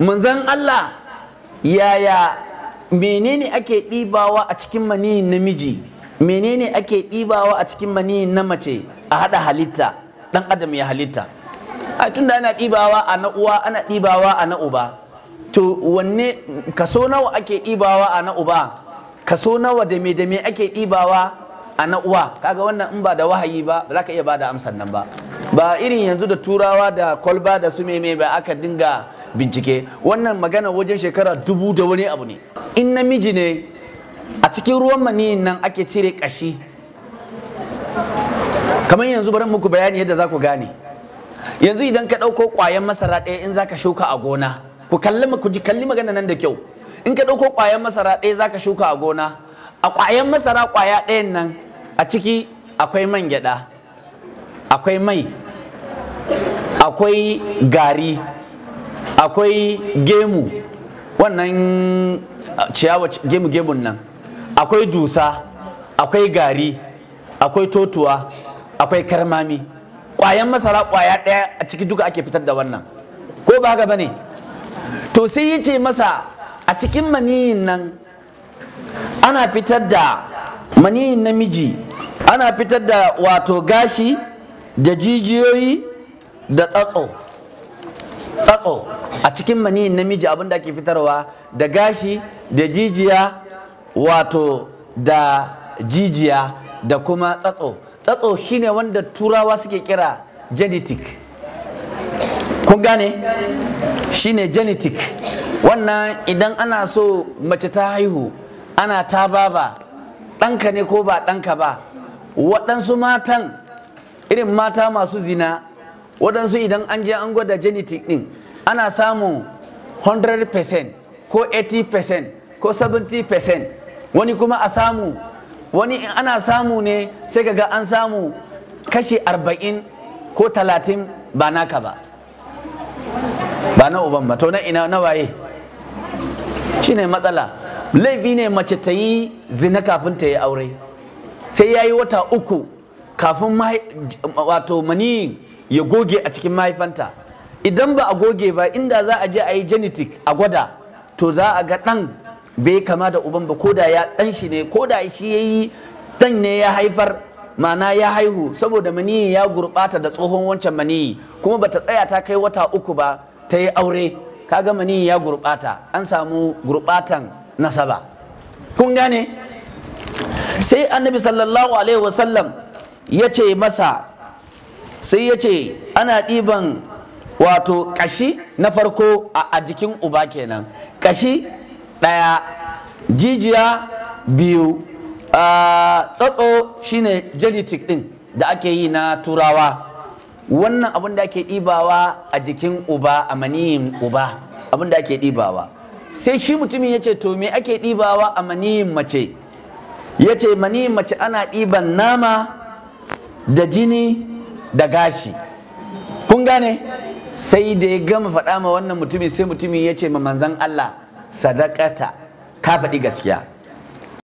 manzan Allah yaya menene ake ɗibawa a cikin maniyin namiji menene ake ɗibawa a cikin maniyin na mace a haɗa halitta ɗan adam ya halitta a tunda ana ɗibawa a na uwa ana ɗibawa a na uba to wanne kaso nawa ake ɗibawa a na uba kaso nawa da me da me ake ɗibawa a na uwa kaga wannan in ba da wahayi ba ba za ka iya ba da amsan nan ba ba irin yanzu da turawa da kwalba da su meme ba aka dinga bincike wannan magana wajen shekara dubu da wani abu ne in namiji ne a cikin ruwan maniyin nan ake cire kashi kamar yanzu bari muku bayani yadda za ku gane yanzu idan ka ɗauko ƙwayan masara ɗaya in za ka shuka a gona ku kalli ku ji kalli magana nan da kyau in ka ɗauko ƙwayan masara ɗaya za ka shuka a gona a ƙwayan masara ƙwaya ɗayan nan a ciki akwai man gyaɗa akwai mai akwai gari akwai gemu wannan uh, ciyawa gemu gemun nan akwai dusa akwai gari akwai totuwa akwai karmami ƙwayan masara ƙwaya ɗaya a ciki duka ake fitar da wannan ko ba haka bane ne to sai yi ce masa a cikin maniyin nan ana fitar da maniyin namiji ana fitar da wato gashi da jijiyoyi da tsatso tsatso a cikin maniyin namiji abin da ake fitarwa da gashi da jijiya wato da jijiya da kuma tsatso tsatso shine wanda turawa suke kira genetic ku gane shine genetic wannan idan ana so mace ta haihu ana ta baba ɗanka ne ko ba ɗanka ba waɗansu matan irin mata masu zina waɗansu idan an je an gwada genetic ɗin ana samun 100% ko 80% ko 70% wani kuma a samu wani ana samu ne sai kaga an samu kashi 40 ko 30 ba naka ba ba na uban ba to na ina na waye Shi ne matsala laifi ne mace ta yi zina kafin ta yi aure sai ya yi wata uku kafin wato mani ya goge a cikin mahaifanta idan ba a goge ba inda za a je a yi genetic a gwada to za a ga ɗan bai kama da uban ba koda ya ɗan shi ne koda shi ya yi ɗan ne ya haifar mana ya haihu saboda maniyi ya gurɓata da tsohon wancan mani kuma bata tsaya ta kai wata uku ba ta yi aure kaga maniyi ya gurɓata an samu gurɓatan nasaba kun gane sai annabi sallallahu alaihi wasallam ya ce masa sai ya ce ana ɗiban wato ƙashi na farko a jikin uba kenan ƙashi ɗaya jijiya biyu tsatso shine genetic ɗin da ake yi na turawa wannan abin da ake ɗibawa a jikin uba a maniyin uba abin da ake ɗibawa sai shi mutumin ya ce to me ake ɗibawa a maniyin mace ya ce maniyin mace ana ɗiban nama da jini da gashi kun gane sai da ya gama faɗa ma wannan mutumin sai mutumin ya ce ma manzan Allah sadakata ka faɗi gaskiya